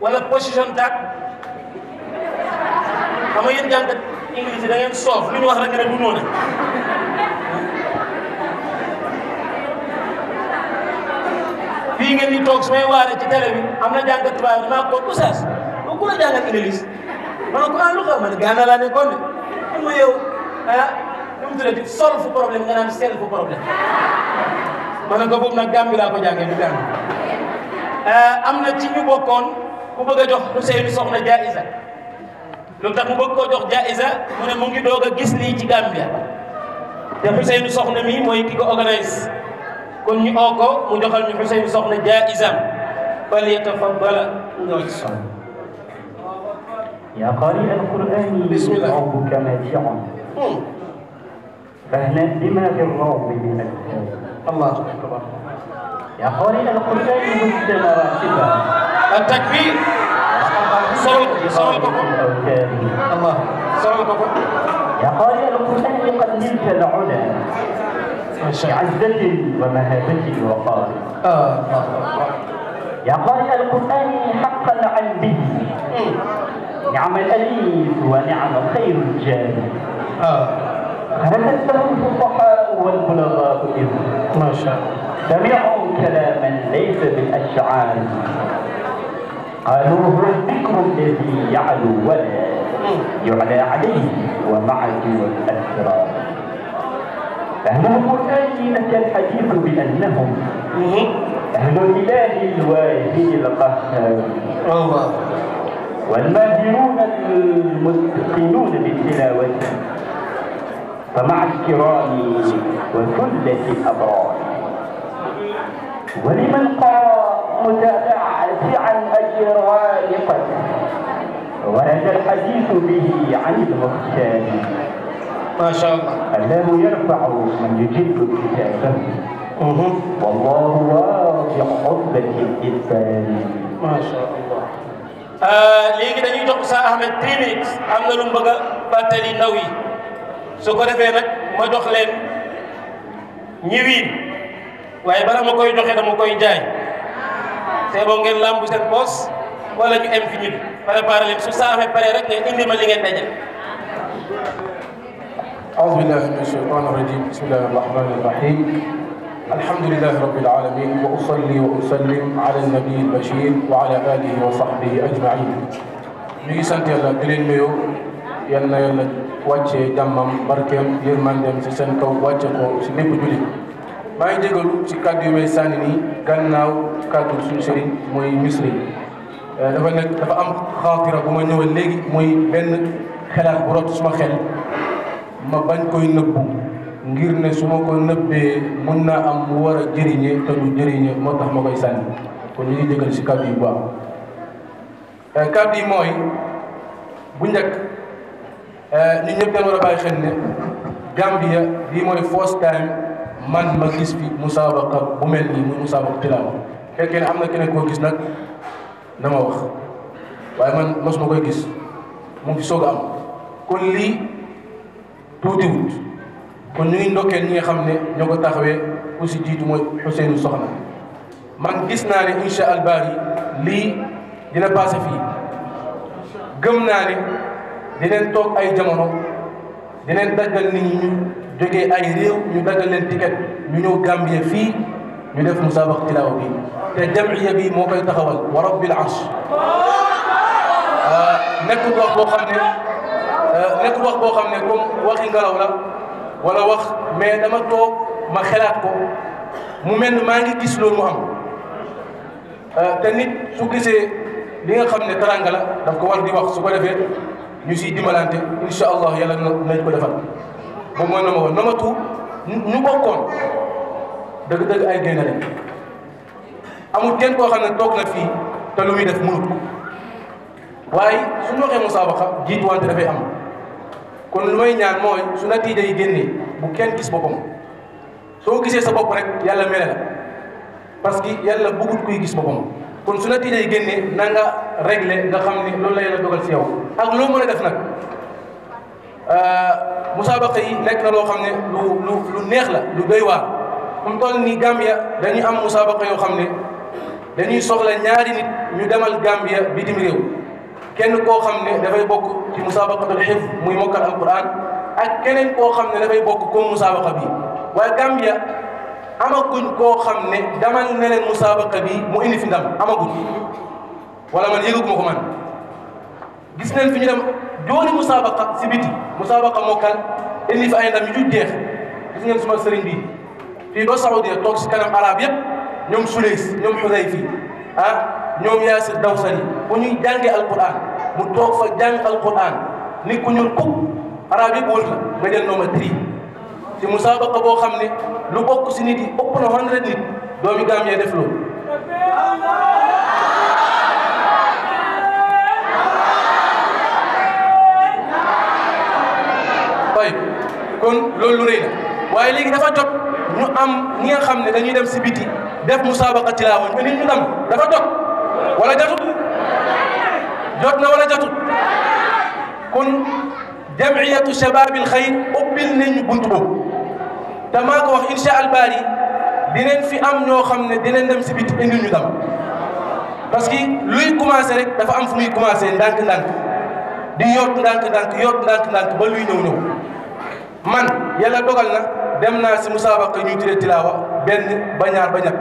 wala position taat xam nga yéen English da ngeen soof lu ñu wax rek ne du noonu fii ngeen di toog su may waare ci télé bi am na jàngat tubaab damaa ko oustaz ba ku la jàngat English ma ne ko ah lu ko ma Gana laa nekkoon de man ma yow ah nu mu tuddati solve problème nga naan self problème ma ne ko boobu nag Gambie laa ko jàngee du Gambie am na ci ñu bokkoon ku bëgg a jox lu sey soxna Jaa lu tax mu bëgg koo jox jaayisa mu ne mu ngi doog a gis lii ci Gambia te Ousseynou Soxna mi mooy ki ko organise kon ñu oo ko mu joxal ñu Ousseynou Soxna jaayisam fal yatafaddal ñoo ci soxna يا قارئ القرآن ربك ماشع فاهنا لما في الروض من الكتاب الله أكبر يا قارئ القرآن مجد مراتبا التكبير solal ko solal بعزة ومهابة يا قارئ القرآن حقا عن به نعم الأليف ونعم خير الجاد آه هلته الفصحاء والبلغاء إذ ما شاء سمعوا كلاما ليس بالأشعار قالوا هو الذكر الذي يعلو ولا يعلى عليه ومعه الأسرار فهمهم الآينة الحديث بأنهم أهل الإله الواهب القهار الله والماهرون المتقنون بالتلاوة فمع الكرام وثلة الأبرار ولمن قال متابعتي عن اجر والقدر ورد الحديث به عن المختار ما شاء الله الله يرفع من يجد كتابه والله واضع حبه الانسان ما شاء الله لكن لن يجب احمد تريميكس عمل المبغى باتري نوي سكر فينك مدخلين نيوين وعبارة bala ma koy joxe te boo ngeen làmbu seen poos wala ñu em fi ñun préparé leen su saafee pare rek ngeen indi ma li ngeen daje. أعوذ بالله من الشيطان الرجيم بسم الله الرحمن الرحيم الحمد لله رب العالمين وأصلي وأسلم على النبي البشير وعلى آله وصحبه أجمعين ñu ngi sant yàlla di leen nuyu yal na yàlla wàccee jàmmam barkeem yërmandeem ci seen kaw wàcce ko ci lépp jullit maa ngi jégalu ci kàddu yu may sànni nii gannaaw kàddu suñu sëriñ mooy misri euh, dafa nekk dafa am xaatira bu ma ñëwee léegi mooy benn xelaat bu rot suma xel ma bañ koy nëbbu ngir ne su ko nëbbee mun naa am mu war a jëriñee te du jëriñee moo tax ma koy sànni kon ñu ngi jégalu ci kàddu yu baax euh, kàddu yi mooy bu njëkk euh, ñu ñëpp dañ war a bàyyi xel ne Gambia lii mooy first time man ma gis fi musabaqa bu mel nii muy musaabaqa tilaawa fekkee ne am na keneen koo gis nag na ma wax waaye man mos ma koy gis mu ngi soog am kon lii wut kon ñu ngi ndokkeel ñi nga xam ne ñoo ko taxawee ku si jiitu mooy Ousseynou Soxna man gis naa ne incha albaari lii dina passé fii gëm naa ne dinañ toog ay jamono dinañ dajal nit ñi ñu. جوجي اي ريو ني باغال لين تيكت ني نيو غامبيا في ني ديف مسابقه تلاوه بي تا جمعيه بي مو كاي ورب العرش الله نيكو واخ بو خامني نيكو واخ بو خامني كوم واخي غالاو لا ولا واخ مي داما توك ما moom mooy nomatu nomatu ñu bokkoon dëgg-dëgg ay génn lañ amul kenn koo xam ne toog na fii te lu muy def mënut waaye suñu waxee musaabaqa jiitu wante kon lu may ñaan mooy su natiija yi génnee bu kenn gis boppam soo gisee sa bopp yàlla mele parce que yàlla bëggut kuy gis boppam kon su natiija yi génnee na nga régler nga xam ne loolu la yàlla dogal si yow ak loo mën a def nag euh, مسابقة لكن لو خمني لو لو لو نخلة لو بيوا كم تقول نيجاميا دني أم مسابقة يو خمني دني سوغلا نياري نيت ميدام الجاميا بدي مريو كن كو خمني دفعي بوك في مسابقة الحف مي مكر القرآن أكن كو خمني دفعي بوك كم مسابقة بي والجاميا أما كن كو خمني دمال نل مسابقة بي مو إني في دم أما كن ولا من يلوك مكمن gis nañ fi ñu dem jooni musaabaqa si biti musaabaqa mokkal indi fi ay ndam yu deex gis ngeen suma sëriñ fii doo saoudia toog si kanam arab yëpp ñoom Sulays ñoom Xudayfi ah ñoom Yaasir Dawsari bu ñuy jàngee alquran mu toog fa jàng alquran ni ku ñu kuk arab yëpp wër nga jël nooma si musaabaqa boo xam ne lu bokk si nit yi ëpp hundred nit doomi Gambie def loolu kon loolu reyna rëy la waaye léegi dafa jot ñu am ñi nga xam ne dañuy dem si biti def musabaqa tilaawa ñu nit ñu dam dafa jot wala jotut jot na wala jotut kon jamiyatu shababil xayr ubbil nañu buntu boobu te maa ko wax incha allah baari dinañ fi am ñoo xam ne dinañ dem si biti indi ñu dam parce que luy commencé rek dafa am fu muy commencé ndànk-ndànk di yott ndànk-ndànk yott ndànk-ndànk ba luy ñëw ñëw. man yàlla dogal na dem naa si musaabaqa ñuy tuddee tilaawa benn ba ñaar ba ñett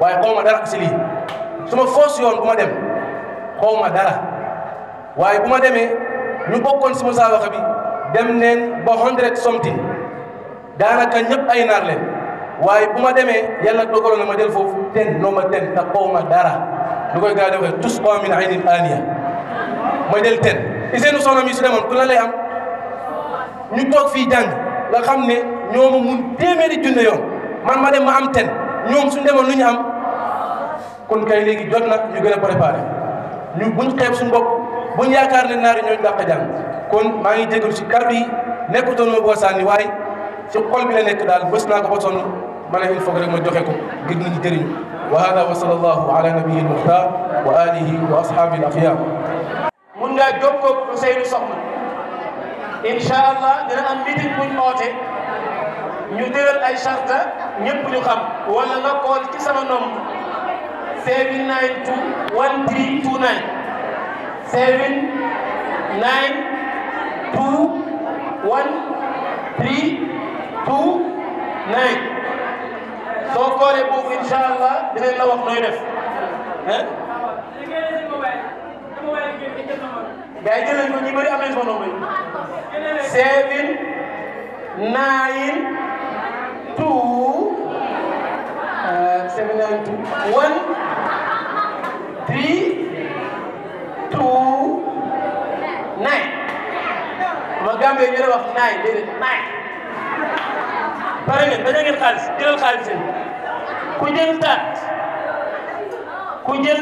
waaye xaw ma dara si lii suma ma foos yoon bu ma dem xaw ma dara waaye bu ma demee ñu bokkoon si musaabaqa bi dem neen ba hundred something daanaka ñëpp ay naar leen waaye bu ma demee yàlla dogaloon na ma jël foofu ten noo ma ten te ma dara lu koy gaa defee tus ba min aynin aaniya ma jël ten iseenu soxna mi su demoon ku la lay am ñu toog fii jàng nga xam ne ñooma mun téeméeri junne yoon man ma dem ma am ten ñoom suñu demoon lu ñu am kon kay léegi jot nag ñu gën a préparé ñu buñ xeeb suñu bopp buñ yaakaar ne naari ñooñu dàq jàng kon maa ngi jégalu si kàddu yi nekkutoon ma boo sànni waaye ci xol bi la nekk daal bés naa ko ba sonn ma ne il faut rek ma joxe ko ngir nit ñi jëriñu wa hada wa sallallahu ala nabiyil muxtar wa alihi wa ashabi al axiyar mun ngaa jokkoo Ousseynou Soxna incha allah dina am meeting buñ oote ñu dëral ay charta ñëpp ñu xam wala nga kool ci sama nombre seven nine two one three two nine seven nine two one three two nine soo koolee boobu incha allah dinañ la wax nooy def gars yi jëlee ko ñu bëri am nañu ko seven nine two uh, seven nine two one three two nine. ma gàmbee ñu wax nine déedéet nine. pare ngeen bañ a ngeen xaalis jëlal xaalis seen ku jël taat ku jël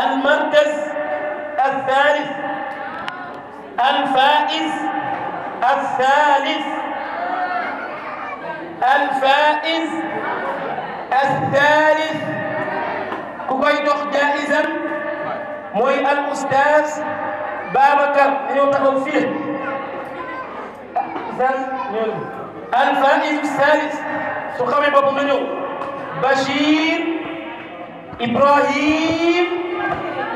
al markaz الثالث الفائز الثالث الفائز الثالث كوبايتوخ جائزا موي الاستاذ بابك بابكر فيه الفائز الثالث سخامي بابو منو بشير ابراهيم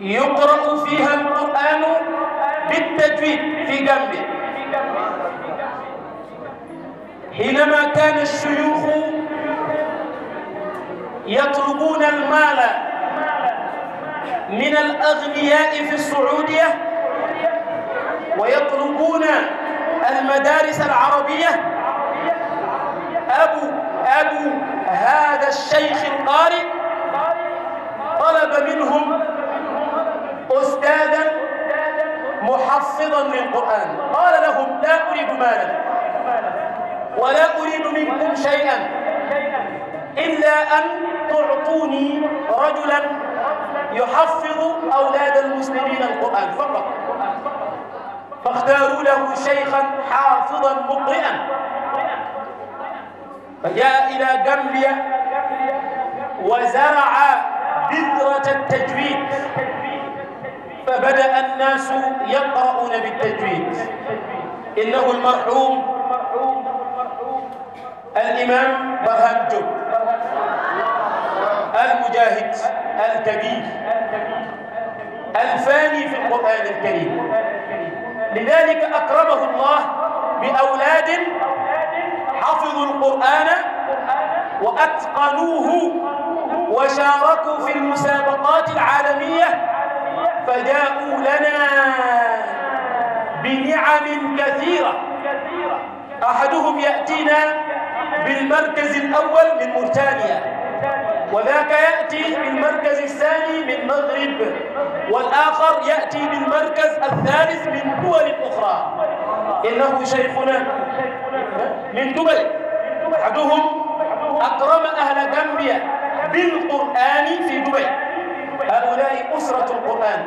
يقرأ فيها القرآن بالتجويد في جنبه حينما كان الشيوخ يطلبون المال من الأغنياء في السعودية ويطلبون المدارس العربية أبو أبو هذا الشيخ القارئ طلب منهم أستاذا محفظا للقرآن قال لهم لا أريد مالا ولا أريد منكم شيئا إلا أن تعطوني رجلا يحفظ أولاد المسلمين القرآن فقط فاختاروا له شيخا حافظا مقرئا فجاء إلى جنبيا وزرع بذرة التجويد فبدأ الناس يقرؤون بالتجويد إنه المرحوم الإمام برهنجب المجاهد الكبير الفاني في القرآن الكريم لذلك أكرمه الله بأولاد حفظوا القرآن وأتقنوه وشاركوا في المسابقات العالمية فجاءوا لنا بنعم كثيرة أحدهم يأتينا بالمركز الأول من موريتانيا وذاك يأتي بالمركز الثاني من المغرب والآخر يأتي بالمركز الثالث من دول أخرى إنه شيخنا من دبي أحدهم أكرم أهل جامبيا بالقرآن في دبي هؤلاء أسرة القرآن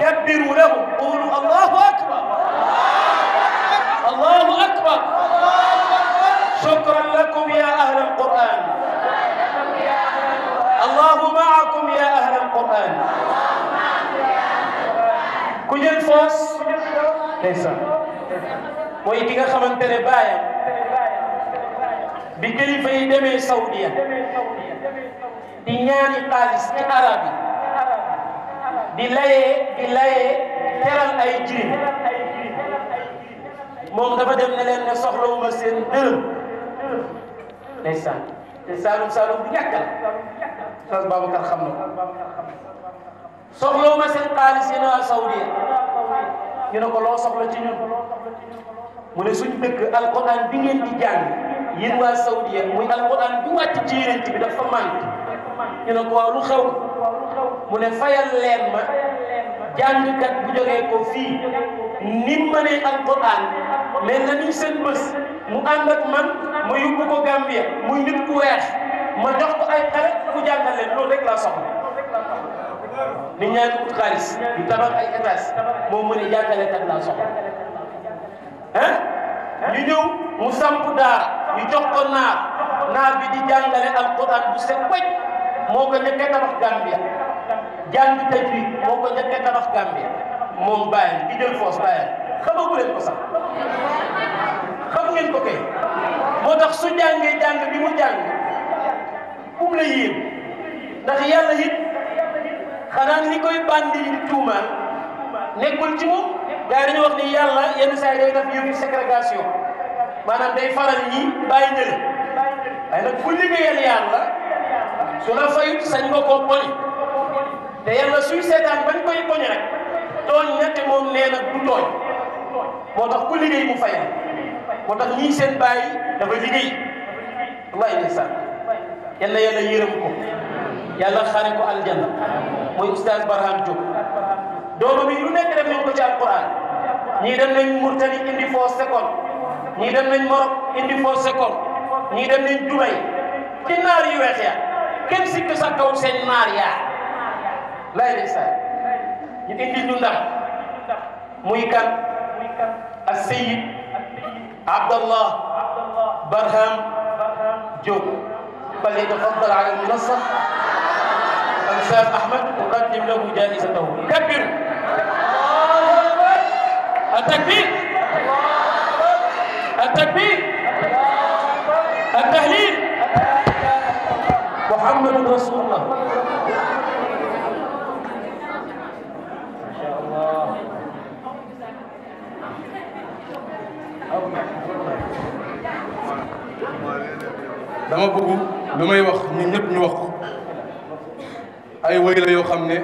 كبروا لهم قولوا الله أكبر الله أكبر شكرا لكم يا أهل القرآن الله معكم يا أهل القرآن كل الفاس ليس ويتيغا خمنتر بايا بكلفة يدمي سعودية دنياني قالس كعربي di layee di layee teral ay jirim moom dafa dem ne leen ne soxlawuma seen dërëm ndeysaan te saalum saalum bu ñàkkal sas Babacar xam na soxlawuma seen xaalis yéen waa Saudiya ñu ne ko loo soxla ci ñun mu ne suñ dëkk alquran bi ngeen di jàng yéen waa Saudiya muy alquran bi wàcc ci yénent bi dafa manqué ñu ne ko waaw lu xew mu ne fayal leen ma jàngkat bu jógee ko fii ni mu mënee alquran mais na ñu seen bés mu ànd ak man ma yóbbu ko Gambia muy nit ku weex ma jox ko ay xale ku jàngale loolu rek laa soxla nit ñaa ngi ut di tabax ay étage moo mën a jàngale kat soxla ah ñu ñëw mu samp daara ñu jox ko naar naar bi di jàngale alquran bu set wecc moo ko tabax Gambia jàng tajwid moo ko njëkk a tabax Gambie moom bàyyam di jël foos bàyyam xamagu leen ko sax xam ngeen ko kay moo tax su jàngee jàng bi mu jàng um la yéen ndax yàlla it xanaa ni koy bandi yi tuumaan nekkul ci moom gars yi dañu wax ni yàlla yenn saa yi day def yëfu ségrégation maanaam day faral ñi bàyyi ñële waaye nag ku liggéeyal yàlla su la fayut sañ nga koo te yàlla suy seetaan bañ koy poñe rek tooñ ñetti moom nee na du tooñ moo tax ku liggéey mu fay moo tax ñii seen bàyyi dafa liggéey wallaay ndeysaan yal na yàlla yërëm ko yàlla xare ko aljanna mooy oustaz Barham Diop doomam yi lu nekk def nañ ko ci alquran ñii dem nañ Murtani indi foo sekoon ñii dem nañ Maroc indi foo sekoon ñii dem nañ Dubaï ci naar yu weex ya kenn sikk sa kaw seen naar yaa lain lisan ñu indi ñu ndax muy kan asseyit abdallah barham jog bali tafaddal ala almunassa الاستاذ احمد اقدم له جائزته كبر الله اكبر التكبير الله اكبر التكبير dama bëgg lu may wax ñun ñëpp ñu wax ko ay wéy la yoo xam ne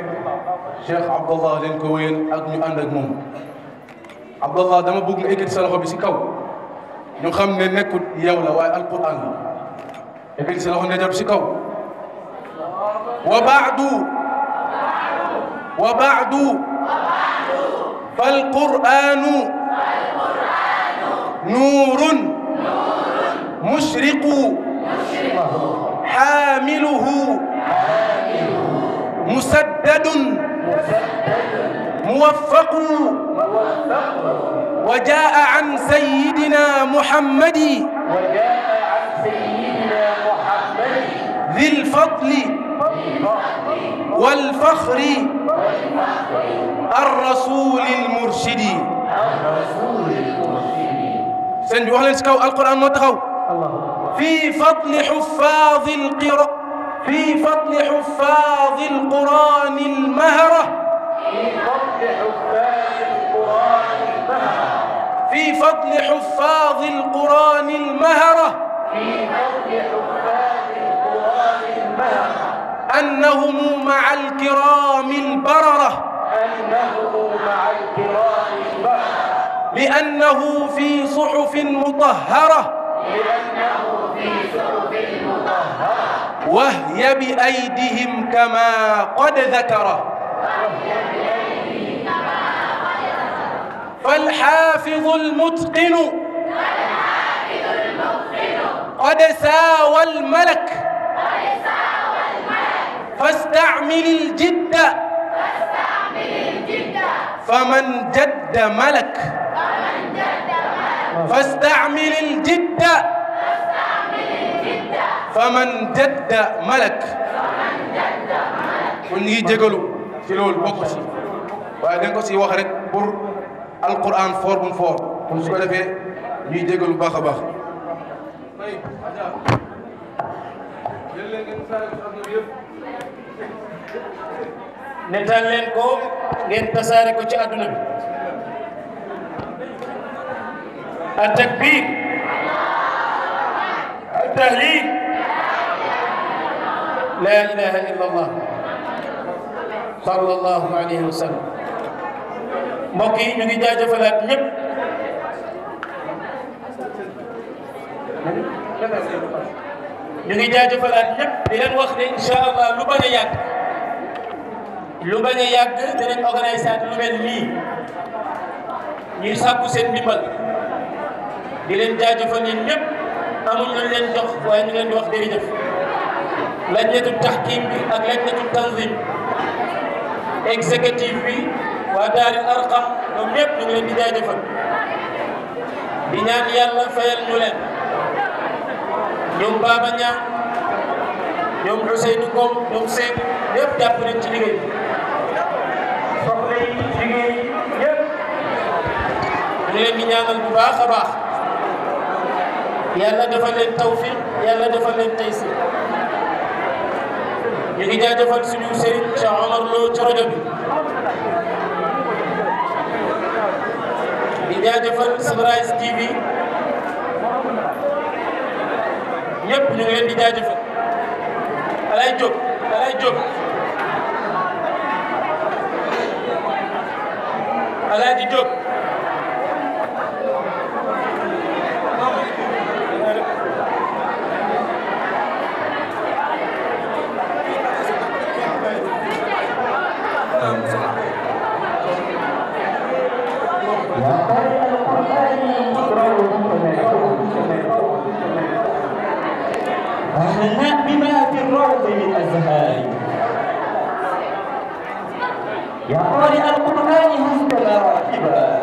Cheikh Abdallah leen ko wéyal ak ñu ànd ak moom Abdallah dama bëgg nga yëkkati sa loxo bi si kaw ñu xam ne nekkut yow la waaye alquran la yëkkati sa loxo ndeyjoor bi si kaw wa baadu wa baadu fal quranu nuurun mushriqu حامله مسدد موفق وجاء عن سيدنا محمد ذي الفضل والفخر الرسول المرشد الرسول المرشد سنجي وحنا القران ما تخاو الله في فضل حفاظ القراء في فضل حفاظ القرآن المهرة في فضل حفاظ القرآن المهرة في فضل حفاظ القرآن المهرة في فضل حفاظ القرآن المهرة أنهم مع الكرام البررة أنهم مع الكرام البررة لأنه في صحف مطهرة لأنه في ثوب المطهرة وهي بأيديهم كما قد ذكر فالحافظ المتقن قد ساوى الملك فاستعمل الجد فمن جد ملك فاستعمل الجد الجدة فمن جد ملك فمن جد ملك في لول بوكسي واي دنجو سي واخ رك بور القران فور بون فور كون سو دافي ني ديغلو باخا باخ نتال لين كو نين تساري كو التكبير التهليل لا اله الا الله صلى الله عليه وسلم موكي ني دي جاجه فلا نيب ني جاجه فلا نيب دي لن واخ ان شاء الله لو بغا ياك لو بغا ياك دي لن اورغنايزات لو مل لي ني ساكو سين ميمبل دي لن جاجه فلا نيب أمون لن دوخ وين لن دوخ دي ديف لجنة التحكيم بي أك لجنة التنظيم إكزيكتيف بي ودار الأرقام لم يب نغلن دي ديف بنان يالا فيل نولن يوم بابا نيام يوم حسين كوم يوم سيب يب دابن تليغي فقلي تليغي يب نغلن دي نعمل بباخ باخ يلا دفن التوفيق يلا دفن التيسير يلي جا دفن سنو سرين شاء عمر لو ترجم يلي جا دفن سنرايز تي في يب نغلين دي جا دفن علي جوب علي جوب علي جوب علي جوب يا قارئ القرآن هزنا راكبا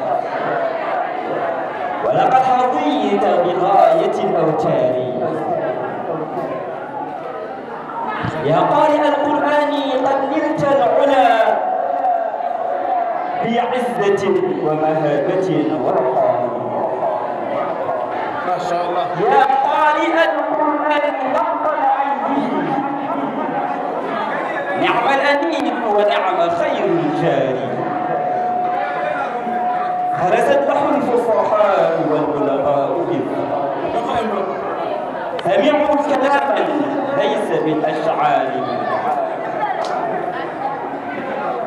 ولقد حظيت بغاية الأوتار يا قارئ القرآن قد نلت العلا بعزة ومهابة ورقى ما شاء الله يا قارئ القرآن نعم الأمين ونعم خير الجاري هرست وحلف الفصحاء والبلغاء سمعوا كلاما ليس بالأشعار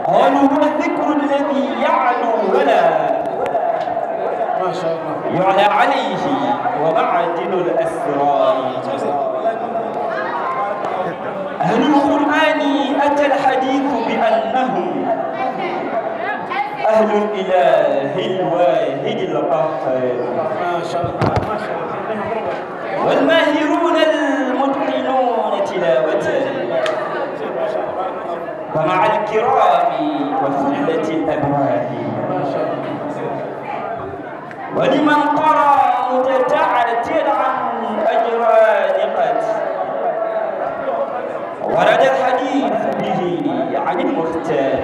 قالوا هو الذكر الذي يعلو ولا ما شاء الله يعلى عليه ومعدن الأسرار الحمد لله الواحد القهار ما شاء الله ما شاء الله والماهرون المتقنون تلاوته ومع الكرام وثلة الأبواب ولمن قرأ متتعترا أجر نقت ورد الحديث به عن المختار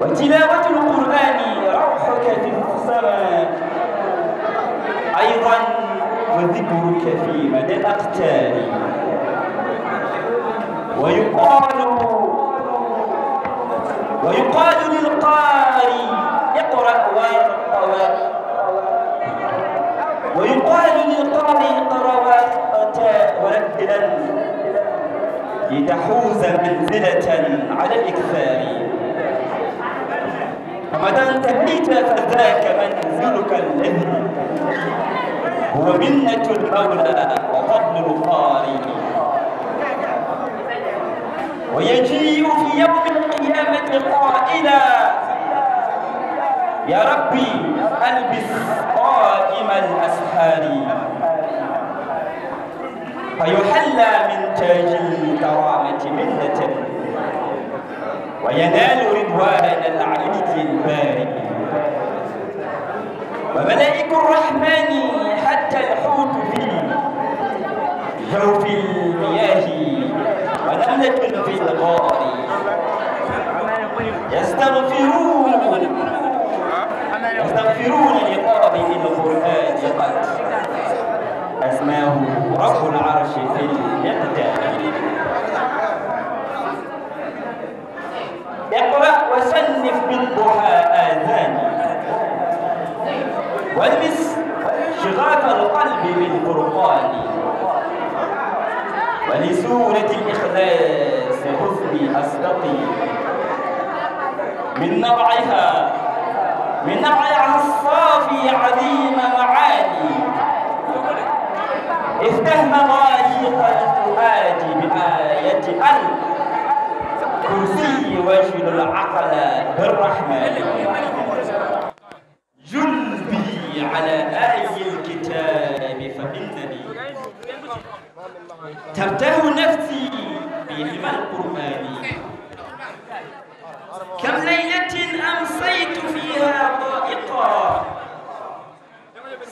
وتلاوة القرآن روحك في السماء أيضا وذكرك في مدى الأقتال فمن انتهيت فذاك منزلك الذي هو منة المولى وفضل القارئ ويجيء في يوم القيامة قائلا يا ربي ألبس قائم الأسحار فيحلى من تاج الكرامة منة وينال رضوان العرش البارئ وملائك الرحمن حتى الحوت في جوف المياه ونملة في الغار يستغفرون يستغفرون لقاضي القرآن قد أسماه رب العرش في الإقدام ألف بالضحى آذاني والمس شغاف القلب بالفرقان ولسورة الإخلاص حسني أستقي من نبعها من نبعها الصافي عديم معاني افتهم غايق الفؤاد بآية ألف كرسي وجه العقل بالرحمن جلبي على آي الكتاب فإنني ترتاح نفسي بهما القرآن كم ليلة أمسيت فيها ضائقا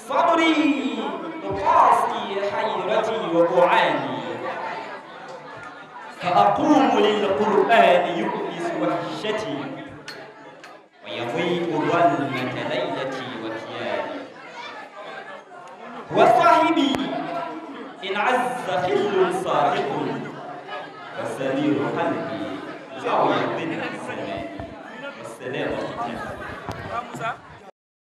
صبري تقاسي حيرتي وقعاني فأقوم للقرآن يؤنس وحشتي ويضيء ظلمة ليلتي وكياني وصاحبي إن عز خل صادق وسرير قلبي لا يضن السلام والسلام ختام